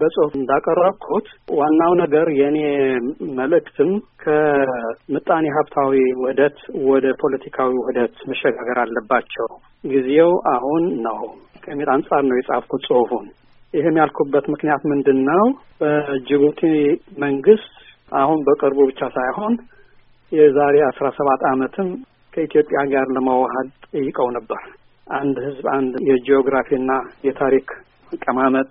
በጽሁፍ እንዳቀረብኩት ዋናው ነገር የእኔ መልእክትም ከምጣኔ ሀብታዊ ውህደት ወደ ፖለቲካዊ ውህደት መሸጋገር አለባቸው። ጊዜው አሁን ነው ከሚል አንጻር ነው የጻፍኩት ጽሁፉን። ይህም ያልኩበት ምክንያት ምንድን ነው? በጅቡቲ መንግስት አሁን በቅርቡ ብቻ ሳይሆን የዛሬ አስራ ሰባት ዓመትም ከኢትዮጵያ ጋር ለመዋሀድ ጠይቀው ነበር። አንድ ህዝብ፣ አንድ የጂኦግራፊና የታሪክ አቀማመጥ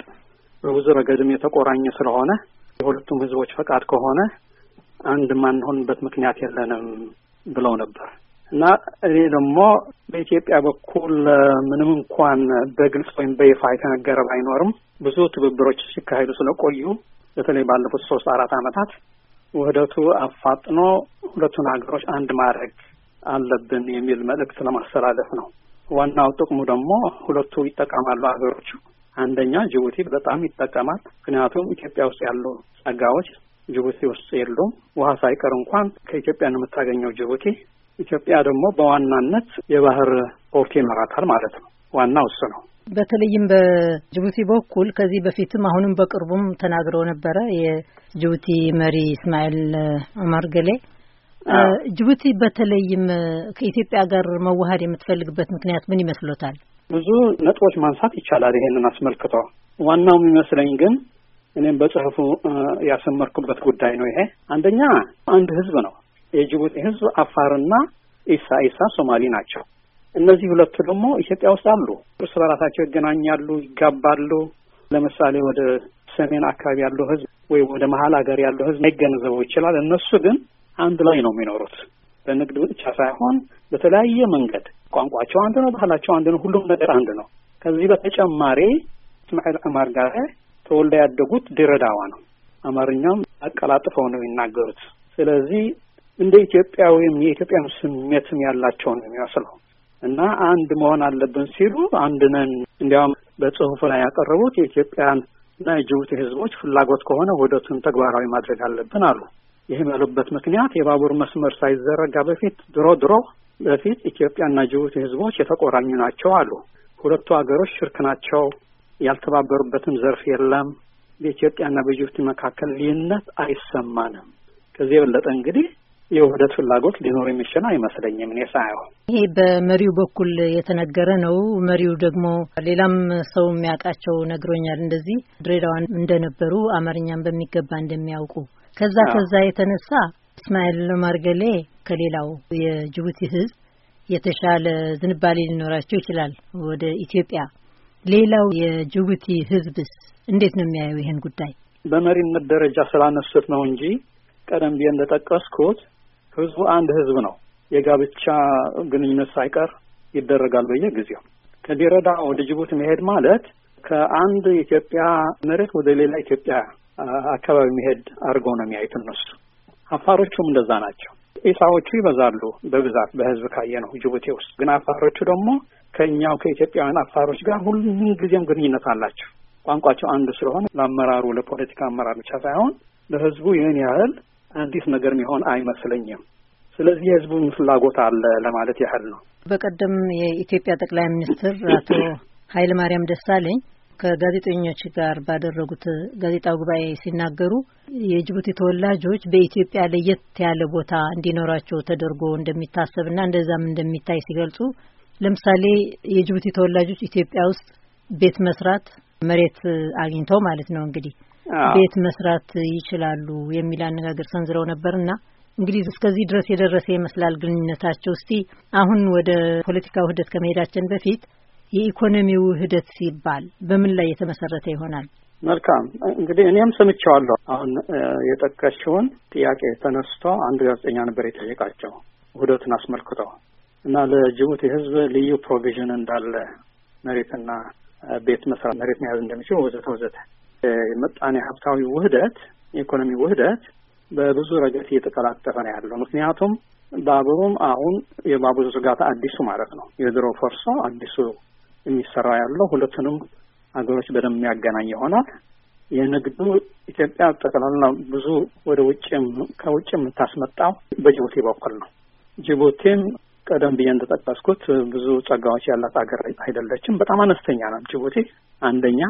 በብዙ ረገድም የተቆራኘ ስለሆነ የሁለቱም ህዝቦች ፈቃድ ከሆነ አንድ ማንሆንበት ምክንያት የለንም ብለው ነበር እና እኔ ደግሞ በኢትዮጵያ በኩል ምንም እንኳን በግልጽ ወይም በይፋ የተነገረ ባይኖርም ብዙ ትብብሮች ሲካሄዱ ስለቆዩ በተለይ ባለፉት ሶስት አራት ዓመታት ውህደቱ አፋጥኖ ሁለቱን ሀገሮች አንድ ማድረግ አለብን የሚል መልእክት ለማስተላለፍ ነው። ዋናው ጥቅሙ ደግሞ ሁለቱ ይጠቀማሉ ሀገሮቹ አንደኛ ጅቡቲ በጣም ይጠቀማል። ምክንያቱም ኢትዮጵያ ውስጥ ያሉ ጸጋዎች ጅቡቲ ውስጥ የሉም። ውሃ ሳይቀር እንኳን ከኢትዮጵያ ነው የምታገኘው ጅቡቲ። ኢትዮጵያ ደግሞ በዋናነት የባህር ፖርት ይመራታል ማለት ነው። ዋናው እሱ ነው። በተለይም በጅቡቲ በኩል ከዚህ በፊትም አሁንም በቅርቡም ተናግረው ነበረ የጅቡቲ መሪ እስማኤል ኦማር ገሌ ጅቡቲ በተለይም ከኢትዮጵያ ጋር መዋሃድ የምትፈልግበት ምክንያት ምን ይመስሎታል? ብዙ ነጥቦች ማንሳት ይቻላል ይሄንን አስመልክቶ። ዋናው የሚመስለኝ ግን እኔም በጽሁፉ ያሰመርኩበት ጉዳይ ነው ይሄ። አንደኛ አንድ ህዝብ ነው የጅቡቲ ህዝብ፣ አፋርና ኢሳ ኢሳ ሶማሊ ናቸው። እነዚህ ሁለቱ ደግሞ ኢትዮጵያ ውስጥ አሉ። እርስ በራሳቸው ይገናኛሉ፣ ይጋባሉ። ለምሳሌ ወደ ሰሜን አካባቢ ያለው ህዝብ ወይም ወደ መሀል ሀገር ያለው ህዝብ ላይገነዘበው ይችላል። እነሱ ግን አንድ ላይ ነው የሚኖሩት በንግድ ብቻ ሳይሆን በተለያየ መንገድ ቋንቋቸው አንድ ነው፣ ባህላቸው አንድ ነው፣ ሁሉም ነገር አንድ ነው። ከዚህ በተጨማሪ እስማኤል ዑመር ጋር ተወልደ ያደጉት ድረዳዋ ነው። አማርኛም አቀላጥፈው ነው የሚናገሩት። ስለዚህ እንደ ኢትዮጵያዊም የኢትዮጵያ ስሜትም ያላቸው ነው የሚመስለው እና አንድ መሆን አለብን ሲሉ አንድ ነን። እንዲያውም በጽሁፉ ላይ ያቀረቡት የኢትዮጵያን እና የጅቡቲ ህዝቦች ፍላጎት ከሆነ ውህደቱን ተግባራዊ ማድረግ አለብን አሉ። ይህም ያሉበት ምክንያት የባቡር መስመር ሳይዘረጋ በፊት ድሮ ድሮ በፊት ኢትዮጵያና ጅቡቲ ህዝቦች የተቆራኙ ናቸው አሉ። ሁለቱ ሀገሮች ሽርክ ናቸው፣ ያልተባበሩበትም ዘርፍ የለም። በኢትዮጵያና በጅቡቲ መካከል ልዩነት አይሰማንም። ከዚህ የበለጠ እንግዲህ የውህደት ፍላጎት ሊኖር የሚችል አይመስለኝም እኔ ሳየው። ይሄ በመሪው በኩል የተነገረ ነው። መሪው ደግሞ ሌላም ሰው የሚያውቃቸው ነግሮኛል፣ እንደዚህ ድሬዳዋን እንደነበሩ አማርኛም በሚገባ እንደሚያውቁ ከዛ ከዛ የተነሳ እስማኤል ለማርገሌ ከሌላው የጅቡቲ ህዝብ የተሻለ ዝንባሌ ሊኖራቸው ይችላል ወደ ኢትዮጵያ። ሌላው የጅቡቲ ህዝብስ እንዴት ነው የሚያየው ይህን ጉዳይ? በመሪነት ደረጃ ስላነሱት ነው እንጂ ቀደም ብዬ እንደጠቀስኩት ህዝቡ አንድ ህዝብ ነው። የጋብቻ ግንኙነት ሳይቀር ይደረጋል በየጊዜው። ከዲረዳ ወደ ጅቡቲ መሄድ ማለት ከአንድ ኢትዮጵያ መሬት ወደ ሌላ ኢትዮጵያ አካባቢ መሄድ አድርገው ነው የሚያዩት እነሱ። አፋሮቹም እንደዛ ናቸው። ኢሳዎቹ ይበዛሉ በብዛት በህዝብ ካየ ነው ጅቡቲ ውስጥ። ግን አፋሮቹ ደግሞ ከእኛው ከኢትዮጵያውያን አፋሮች ጋር ሁሉም ጊዜም ግንኙነት አላቸው። ቋንቋቸው አንዱ ስለሆነ ለአመራሩ ለፖለቲካ አመራር ብቻ ሳይሆን ለህዝቡ ይህን ያህል አዲስ ነገር የሚሆን አይመስለኝም። ስለዚህ የህዝቡን ፍላጎት አለ ለማለት ያህል ነው። በቀደም የኢትዮጵያ ጠቅላይ ሚኒስትር አቶ ኃይለማርያም ደሳለኝ ከጋዜጠኞች ጋር ባደረጉት ጋዜጣዊ ጉባኤ ሲናገሩ የጅቡቲ ተወላጆች በኢትዮጵያ ለየት ያለ ቦታ እንዲኖራቸው ተደርጎ እንደሚታሰብና እንደዛም እንደሚታይ ሲገልጹ ለምሳሌ የጅቡቲ ተወላጆች ኢትዮጵያ ውስጥ ቤት መስራት መሬት አግኝተው ማለት ነው እንግዲህ ቤት መስራት ይችላሉ የሚል አነጋገር ሰንዝረው ነበርና እንግዲህ እስከዚህ ድረስ የደረሰ ይመስላል ግንኙነታቸው። እስቲ አሁን ወደ ፖለቲካ ውህደት ከመሄዳችን በፊት የኢኮኖሚው ውህደት ሲባል በምን ላይ የተመሰረተ ይሆናል? መልካም እንግዲህ እኔም ሰምቼዋለሁ። አሁን የጠቀሽውን ጥያቄ ተነስቶ አንድ ጋዜጠኛ ነበር የጠየቃቸው ውህደቱን አስመልክቶ እና ለጅቡቲ ሕዝብ ልዩ ፕሮቪዥን እንዳለ መሬትና ቤት መስራት፣ መሬት መያዝ እንደሚችል ወዘተ ወዘተ የመጣኔ ሀብታዊ ውህደት የኢኮኖሚ ውህደት በብዙ ረገድ እየተቀላጠፈ ነው ያለው። ምክንያቱም ባቡሩም አሁን የባቡሩ ዝርጋታ አዲሱ ማለት ነው የድሮ ፈርሶ አዲሱ የሚሰራ ያለው ሁለቱንም ሀገሮች በደንብ የሚያገናኝ ይሆናል። የንግዱ ኢትዮጵያ ጠቅላላ ብዙ ወደ ውጭም ከውጭ የምታስመጣው በጅቡቲ በኩል ነው። ጅቡቲም ቀደም ብዬ እንደጠቀስኩት ብዙ ጸጋዎች ያላት ሀገር አይደለችም። በጣም አነስተኛ ነው ጅቡቲ አንደኛ።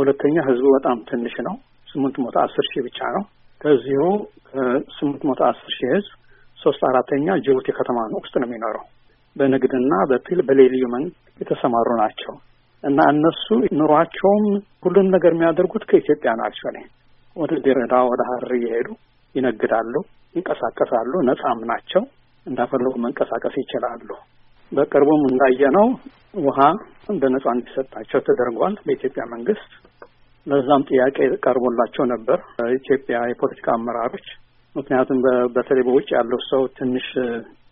ሁለተኛ ህዝቡ በጣም ትንሽ ነው። ስምንት መቶ አስር ሺህ ብቻ ነው። ከዚሁ ከስምንት መቶ አስር ሺህ ህዝብ ሶስት አራተኛ ጅቡቲ ከተማ ውስጥ ነው የሚኖረው። በንግድና በሌሊመንት የተሰማሩ ናቸው እና እነሱ ኑሯቸውም ሁሉን ነገር የሚያደርጉት ከኢትዮጵያ ናቸው። ወደ ድሬዳ ወደ ሀረር እየሄዱ ይነግዳሉ፣ ይንቀሳቀሳሉ፣ ነጻም ናቸው። እንዳፈለጉ መንቀሳቀስ ይችላሉ። በቅርቡም እንዳየነው ውሃ በነጻ እንዲሰጣቸው ተደርጓል በኢትዮጵያ መንግስት። ለዛም ጥያቄ ቀርቦላቸው ነበር ኢትዮጵያ የፖለቲካ አመራሮች። ምክንያቱም በተለይ በውጭ ያለው ሰው ትንሽ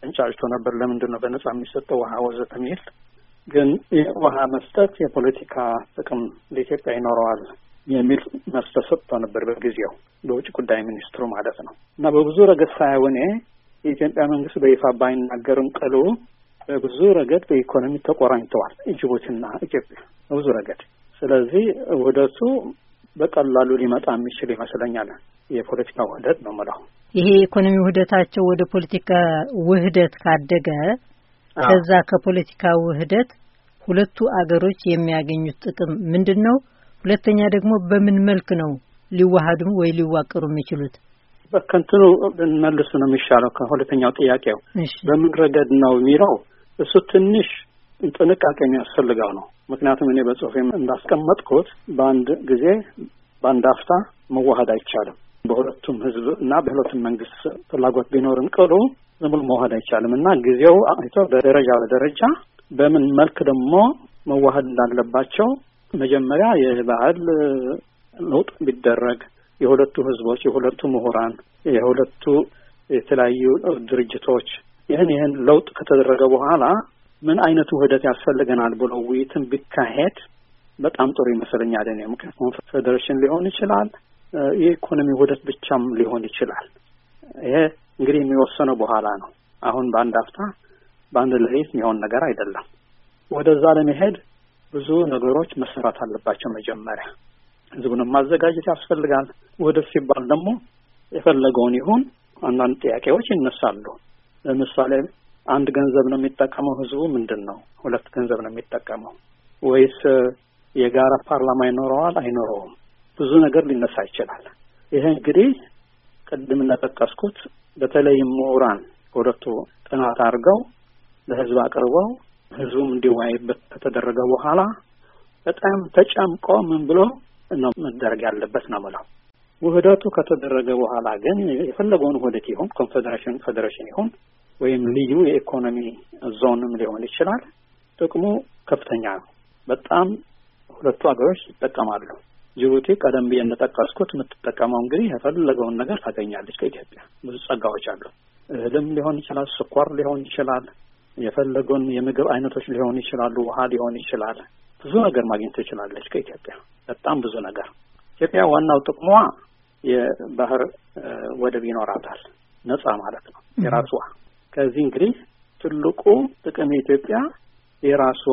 ተንጫጭቶ ነበር። ለምንድን ነው በነጻ የሚሰጠው ውሃ ወዘተ ሚል ግን ውሃ መስጠት የፖለቲካ ጥቅም ለኢትዮጵያ ይኖረዋል የሚል መልስ ተሰጥቶ ነበር በጊዜው በውጭ ጉዳይ ሚኒስትሩ ማለት ነው። እና በብዙ ረገድ ሳይሆን የኢትዮጵያ መንግስት በይፋ ባይናገርም ቅሉ በብዙ ረገድ በኢኮኖሚ ተቆራኝተዋል ጅቡቲና ኢትዮጵያ በብዙ ረገድ። ስለዚህ ውህደቱ በቀላሉ ሊመጣ የሚችል ይመስለኛል። የፖለቲካ ውህደት ነው የምለው። ይሄ የኢኮኖሚ ውህደታቸው ወደ ፖለቲካ ውህደት ካደገ ከዛ ከፖለቲካ ውህደት ሁለቱ አገሮች የሚያገኙት ጥቅም ምንድን ነው? ሁለተኛ ደግሞ በምን መልክ ነው ሊዋሃዱ ወይ ሊዋቀሩ የሚችሉት? በከንትኑ መልሱ ነው የሚሻለው። ከሁለተኛው ጥያቄው በምን ረገድ ነው የሚለው እሱ ትንሽ ጥንቃቄ የሚያስፈልገው ነው። ምክንያቱም እኔ በጽሁፌም እንዳስቀመጥኩት በአንድ ጊዜ በአንድ አፍታ መዋሃድ አይቻልም። በሁለቱም ህዝብ እና በሁለቱም መንግስት ፍላጎት ቢኖርም ቅሉ ዝም ብሎ አይቻልም እና ጊዜው አይቶ በደረጃ በደረጃ በምን መልክ ደግሞ መዋሃድ እንዳለባቸው መጀመሪያ የባህል ለውጥ ቢደረግ የሁለቱ ህዝቦች፣ የሁለቱ ምሁራን፣ የሁለቱ የተለያዩ ድርጅቶች ይህን ይህን ለውጥ ከተደረገ በኋላ ምን አይነት ውህደት ያስፈልገናል ብሎ ውይይትን ቢካሄድ በጣም ጥሩ ይመስለኛል። እኔ ምክንያቱም ፌዴሬሽን ሊሆን ይችላል የኢኮኖሚ ውህደት ብቻም ሊሆን ይችላል። ይሄ እንግዲህ የሚወሰነው በኋላ ነው። አሁን በአንድ አፍታ በአንድ ሌሊት የሚሆን ነገር አይደለም። ወደዛ ለመሄድ ብዙ ነገሮች መሰራት አለባቸው። መጀመሪያ ህዝቡንም ማዘጋጀት ያስፈልጋል። ውህደት ሲባል ደግሞ የፈለገውን ይሁን አንዳንድ ጥያቄዎች ይነሳሉ። ለምሳሌ አንድ ገንዘብ ነው የሚጠቀመው ህዝቡ ምንድን ነው? ሁለት ገንዘብ ነው የሚጠቀመው ወይስ የጋራ ፓርላማ ይኖረዋል አይኖረውም? ብዙ ነገር ሊነሳ ይችላል። ይሄ እንግዲህ ቅድም እንደጠቀስኩት በተለይም ምሁራን ሁለቱ ጥናት አድርገው ለህዝብ አቅርበው ህዝቡም እንዲወያይበት ከተደረገ በኋላ በጣም ተጨምቆ ምን ብሎ ነው መደረግ ያለበት ነው ምለው። ውህደቱ ከተደረገ በኋላ ግን የፈለገውን ውህደት ይሁን ኮንፌዴሬሽን፣ ፌዴሬሽን ይሁን ወይም ልዩ የኢኮኖሚ ዞንም ሊሆን ይችላል ጥቅሙ ከፍተኛ ነው። በጣም ሁለቱ ሀገሮች ይጠቀማሉ። ጅቡቲ ቀደም ብዬ እንደጠቀስኩት የምትጠቀመው እንግዲህ የፈለገውን ነገር ታገኛለች። ከኢትዮጵያ ብዙ ጸጋዎች አሉ። እህልም ሊሆን ይችላል፣ ስኳር ሊሆን ይችላል፣ የፈለገውን የምግብ አይነቶች ሊሆን ይችላሉ፣ ውሃ ሊሆን ይችላል። ብዙ ነገር ማግኘት ትችላለች ከኢትዮጵያ በጣም ብዙ ነገር። ኢትዮጵያ ዋናው ጥቅሟ የባህር ወደብ ይኖራታል፣ ነጻ ማለት ነው የራሷ። ከዚህ እንግዲህ ትልቁ ጥቅም የኢትዮጵያ የራሷ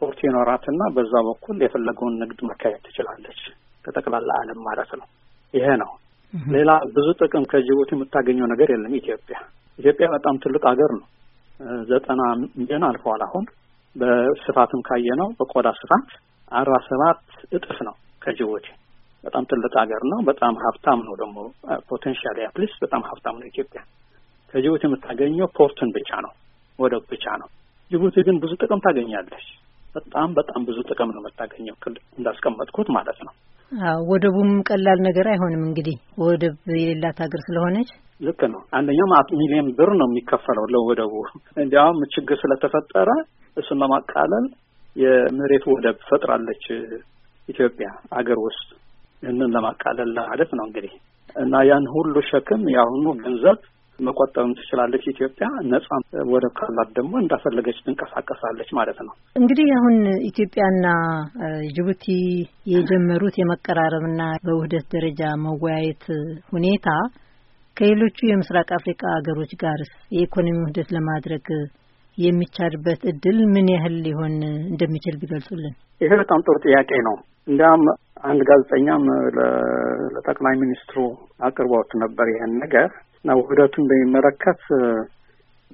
ፖርት ይኖራትና በዛ በኩል የፈለገውን ንግድ መካሄድ ትችላለች። ከጠቅላላ ዓለም ማለት ነው። ይሄ ነው። ሌላ ብዙ ጥቅም ከጅቡቲ የምታገኘው ነገር የለም። ኢትዮጵያ ኢትዮጵያ በጣም ትልቅ ሀገር ነው። ዘጠና ሚሊዮን አልፈዋል። አሁን በስፋትም ካየ ነው በቆዳ ስፋት አርባ ሰባት እጥፍ ነው ከጅቡቲ። በጣም ትልቅ ሀገር ነው። በጣም ሀብታም ነው ደግሞ ፖቴንሻል ያፕሊስ በጣም ሀብታም ነው ኢትዮጵያ። ከጅቡቲ የምታገኘው ፖርቱን ብቻ ነው፣ ወደብ ብቻ ነው። ጅቡቲ ግን ብዙ ጥቅም ታገኛለች። በጣም በጣም ብዙ ጥቅም ነው የምታገኘው እንዳስቀመጥኩት ማለት ነው። ወደቡም ቀላል ነገር አይሆንም እንግዲህ ወደብ የሌላት ሀገር ስለሆነች ልክ ነው። አንደኛውም ሚሊዮን ብር ነው የሚከፈለው ለወደቡ። እንዲያውም ችግር ስለተፈጠረ እሱን ለማቃለል የመሬት ወደብ ፈጥራለች ኢትዮጵያ አገር ውስጥ ይህንን ለማቃለል ማለት ነው እንግዲህ እና ያን ሁሉ ሸክም የአሁኑ ገንዘብ መቆጠብም ትችላለች ኢትዮጵያ። ነጻ ወደብ ካላት ደግሞ እንዳፈለገች ትንቀሳቀሳለች ማለት ነው። እንግዲህ አሁን ኢትዮጵያና ጅቡቲ የጀመሩት የመቀራረብና በውህደት ደረጃ መወያየት ሁኔታ ከሌሎቹ የምስራቅ አፍሪካ ሀገሮች ጋርስ የኢኮኖሚ ውህደት ለማድረግ የሚቻልበት እድል ምን ያህል ሊሆን እንደሚችል ቢገልጹልን። ይሄ በጣም ጥሩ ጥያቄ ነው። እንዲያም አንድ ጋዜጠኛም ለጠቅላይ ሚኒስትሩ አቅርቦት ነበር ይሄን ነገር እና ውህደቱን በሚመለከት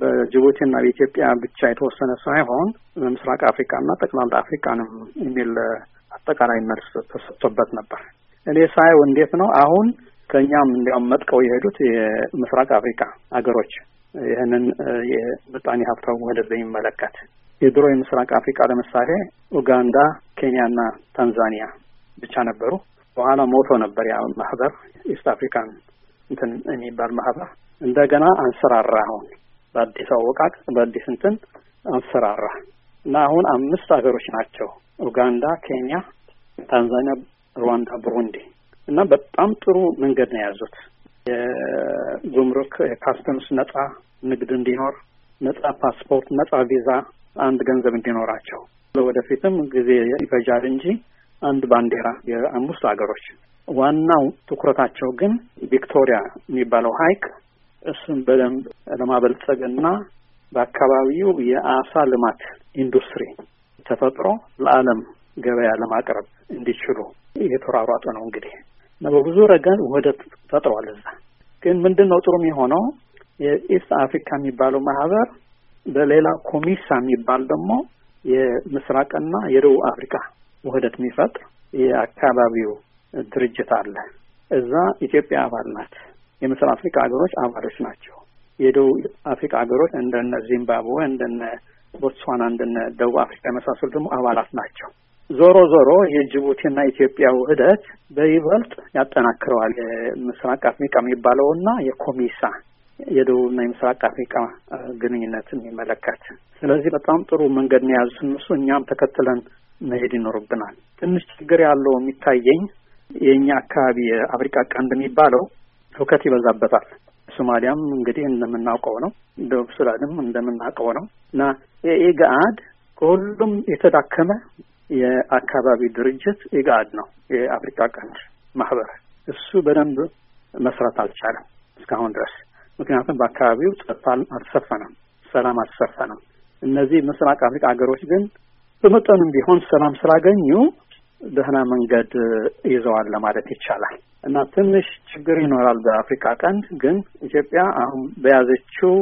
በጅቡቲና በኢትዮጵያ ብቻ የተወሰነ ሳይሆን ምስራቅ አፍሪካና ጠቅላላ አፍሪካንም የሚል አጠቃላይ መልስ ተሰጥቶበት ነበር። እኔ ሳየው እንዴት ነው አሁን ከእኛም እንዲያውም መጥቀው የሄዱት የምስራቅ አፍሪካ አገሮች ይህንን የምጣኔ ሀብታዊ ውህደት በሚመለከት የድሮ የምስራቅ አፍሪካ ለምሳሌ ኡጋንዳ፣ ኬንያና ታንዛኒያ ብቻ ነበሩ። በኋላ ሞቶ ነበር ያ ማህበር ኢስት አፍሪካን እንትን የሚባል ማህበር እንደገና አንሰራራ። አሁን በአዲስ አወቃቅ በአዲስ እንትን አንሰራራ እና አሁን አምስት ሀገሮች ናቸው ኡጋንዳ፣ ኬንያ፣ ታንዛኒያ፣ ሩዋንዳ፣ ብሩንዲ እና በጣም ጥሩ መንገድ ነው የያዙት። የጉምሩክ የካስተምስ ነጻ ንግድ እንዲኖር፣ ነጻ ፓስፖርት፣ ነጻ ቪዛ፣ አንድ ገንዘብ እንዲኖራቸው ለወደፊትም ጊዜ ይፈጃል እንጂ አንድ ባንዲራ የአምስቱ ሀገሮች ዋናው ትኩረታቸው ግን ቪክቶሪያ የሚባለው ሀይቅ እሱን በደንብ ለማበልጸግና በአካባቢው የአሳ ልማት ኢንዱስትሪ ተፈጥሮ ለዓለም ገበያ ለማቅረብ እንዲችሉ እየተሯሯጠ ነው እንግዲህ እና በብዙ ረገድ ውህደት ፈጥሯል። እዛ ግን ምንድን ነው ጥሩም የሆነው የኢስት አፍሪካ የሚባለው ማህበር በሌላ ኮሚሳ የሚባል ደግሞ የምስራቅና የደቡብ አፍሪካ ውህደት የሚፈጥር የአካባቢው ድርጅት አለ። እዛ ኢትዮጵያ አባል ናት። የምስራቅ አፍሪካ ሀገሮች አባሎች ናቸው። የደቡብ አፍሪካ ሀገሮች እንደነ ዚምባብዌ፣ እንደነ ቦትስዋና፣ እንደነ ደቡብ አፍሪካ የመሳሰሉ ደግሞ አባላት ናቸው። ዞሮ ዞሮ የጅቡቲና ኢትዮጵያ ውህደት በይበልጥ ያጠናክረዋል የምስራቅ አፍሪካ የሚባለውና የኮሚሳ የደቡብና የምስራቅ አፍሪካ ግንኙነት የሚመለከት ስለዚህ በጣም ጥሩ መንገድ ነው የያዙት እነሱ። እኛም ተከትለን መሄድ ይኖርብናል። ትንሽ ችግር ያለው የሚታየኝ የእኛ አካባቢ የአፍሪካ ቀንድ የሚባለው ሁከት ይበዛበታል። ሶማሊያም እንግዲህ እንደምናውቀው ነው፣ ደቡብ ሱዳንም እንደምናውቀው ነው እና የኢግአድ ከሁሉም የተዳከመ የአካባቢ ድርጅት ኢግአድ ነው። የአፍሪካ ቀንድ ማህበር እሱ በደንብ መስራት አልቻለም እስካሁን ድረስ ምክንያቱም በአካባቢው ጸጥታ አልሰፈነም፣ ሰላም አልሰፈነም። እነዚህ ምስራቅ አፍሪካ ሀገሮች ግን በመጠኑም ቢሆን ሰላም ስላገኙ ደህና መንገድ ይዘዋል ለማለት ይቻላል እና ትንሽ ችግር ይኖራል በአፍሪካ ቀንድ ግን ኢትዮጵያ አሁን በያዘችው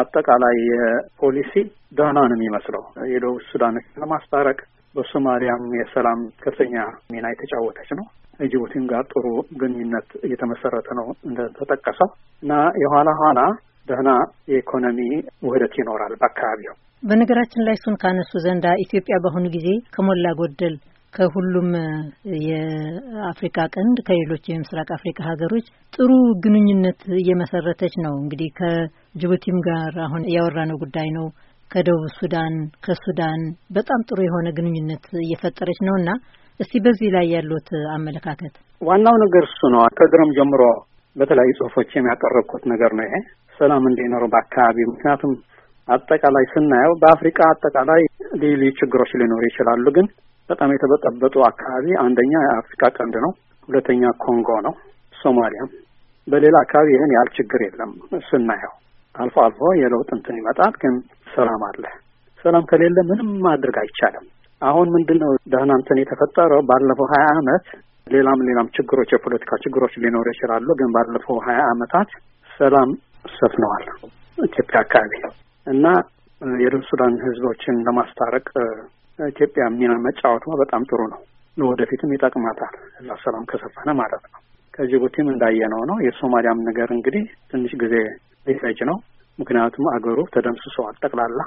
አጠቃላይ የፖሊሲ ደህና ነው የሚመስለው። የደቡብ ሱዳን ለማስታረቅ በሶማሊያም የሰላም ከፍተኛ ሚና የተጫወተች ነው። የጅቡቲም ጋር ጥሩ ግንኙነት እየተመሰረተ ነው እንደተጠቀሰው እና የኋላ ኋላ ደህና የኢኮኖሚ ውህደት ይኖራል በአካባቢው። በነገራችን ላይ እሱን ካነሱ ዘንዳ ኢትዮጵያ በአሁኑ ጊዜ ከሞላ ጎደል ከሁሉም የአፍሪካ ቀንድ ከሌሎች የምስራቅ አፍሪካ ሀገሮች ጥሩ ግንኙነት እየመሰረተች ነው። እንግዲህ ከጅቡቲም ጋር አሁን ያወራነው ጉዳይ ነው። ከደቡብ ሱዳን፣ ከሱዳን በጣም ጥሩ የሆነ ግንኙነት እየፈጠረች ነው እና እስቲ በዚህ ላይ ያሉት አመለካከት። ዋናው ነገር እሱ ነው። ከድሮም ጀምሮ በተለያዩ ጽሁፎች የሚያቀረብኩት ነገር ነው። ይሄ ሰላም እንዲኖሩ በአካባቢ ምክንያቱም አጠቃላይ ስናየው በአፍሪካ አጠቃላይ ልዩ ልዩ ችግሮች ሊኖሩ ይችላሉ ግን በጣም የተበጠበጡ አካባቢ አንደኛ የአፍሪካ ቀንድ ነው፣ ሁለተኛ ኮንጎ ነው፣ ሶማሊያም። በሌላ አካባቢ ይህን ያህል ችግር የለም ስናየው። አልፎ አልፎ የለውጥ እንትን ይመጣል፣ ግን ሰላም አለ። ሰላም ከሌለ ምንም ማድረግ አይቻልም። አሁን ምንድን ነው ደህና እንትን የተፈጠረው ባለፈው ሀያ አመት ሌላም ሌላም ችግሮች የፖለቲካ ችግሮች ሊኖሩ ይችላሉ። ግን ባለፈው ሀያ አመታት ሰላም ሰፍነዋል ኢትዮጵያ አካባቢ እና የደቡብ ሱዳን ህዝቦችን ለማስታረቅ ኢትዮጵያ ሚና መጫወቷ በጣም ጥሩ ነው። ለወደፊትም ይጠቅማታል እዛ ሰላም ከሰፈነ ማለት ነው። ከጅቡቲም እንዳየነው ነው። የሶማሊያም ነገር እንግዲህ ትንሽ ጊዜ ሊፈጅ ነው። ምክንያቱም አገሩ ተደምስሰዋል ጠቅላላ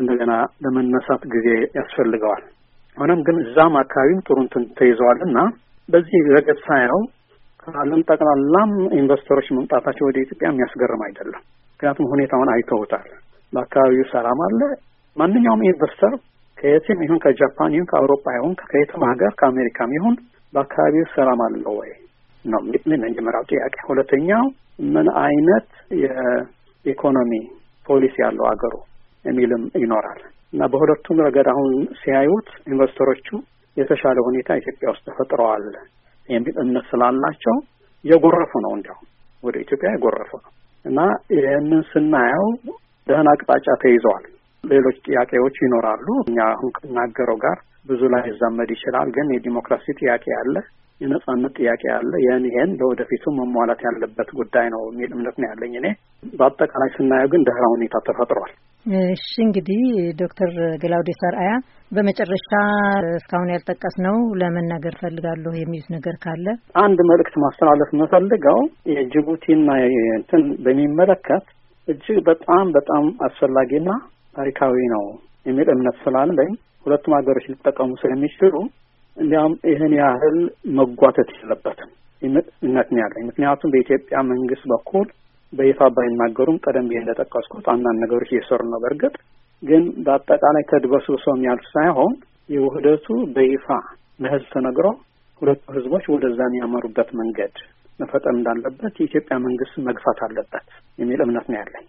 እንደገና ለመነሳት ጊዜ ያስፈልገዋል። ሆነም ግን እዛም አካባቢም ጥሩ እንትን ተይዘዋል እና በዚህ ረገድ ሳየው ከዓለም ጠቅላላም ኢንቨስተሮች መምጣታቸው ወደ ኢትዮጵያ የሚያስገርም አይደለም። ምክንያቱም ሁኔታውን አይተውታል። በአካባቢው ሰላም አለ። ማንኛውም ኢንቨስተር ከየትም ይሁን ከጃፓን ይሁን ከአውሮፓ ይሁን ከየትም ሀገር ከአሜሪካም ይሁን በአካባቢው ሰላም አለው ወይ ነው የመጀመሪያው ጥያቄ። ሁለተኛው ምን አይነት የኢኮኖሚ ፖሊሲ ያለው አገሩ የሚልም ይኖራል እና በሁለቱም ረገድ አሁን ሲያዩት ኢንቨስተሮቹ የተሻለ ሁኔታ ኢትዮጵያ ውስጥ ተፈጥረዋል የሚል እምነት ስላላቸው የጎረፉ ነው እንዲያውም ወደ ኢትዮጵያ የጎረፉ ነው እና ይህንን ስናየው ደህና አቅጣጫ ተይዘዋል። ሌሎች ጥያቄዎች ይኖራሉ። እኛ አሁን ከናገረው ጋር ብዙ ላይ ይዛመድ ይችላል። ግን የዲሞክራሲ ጥያቄ አለ፣ የነጻነት ጥያቄ አለ። ይህን ይሄን ለወደፊቱ መሟላት ያለበት ጉዳይ ነው የሚል እምነት ነው ያለኝ እኔ። በአጠቃላይ ስናየው ግን ደህና ሁኔታ ተፈጥሯል። እሺ እንግዲህ ዶክተር ገላውዴ ሰርአያ በመጨረሻ እስካሁን ያልጠቀስነው ለመናገር ፈልጋለሁ የሚሉት ነገር ካለ? አንድ መልእክት ማስተላለፍ የምፈልገው የጅቡቲና እንትን በሚመለከት እጅግ በጣም በጣም አስፈላጊና ታሪካዊ ነው የሚል እምነት ስላለኝ ሁለቱም ሀገሮች ሊጠቀሙ ስለሚችሉ እንዲያውም ይህን ያህል መጓተት የለበትም የሚል እምነት ያለኝ። ምክንያቱም በኢትዮጵያ መንግስት በኩል በይፋ ባይናገሩም ቀደም ብዬ እንደጠቀስኩት አንዳንድ ነገሮች እየሰሩ ነው። በእርግጥ ግን በአጠቃላይ ተድበስብሶ የሚያልፍ ሳይሆን የውህደቱ በይፋ ለህዝብ ተነግሮ ሁለቱ ህዝቦች ወደዛ የሚያመሩበት መንገድ መፈጠን እንዳለበት የኢትዮጵያ መንግስት መግፋት አለበት የሚል እምነት ነው ያለኝ።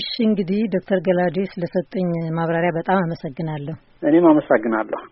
እሺ እንግዲህ ዶክተር ገላዴ ለሰጠኝ ማብራሪያ በጣም አመሰግናለሁ። እኔም አመሰግናለሁ።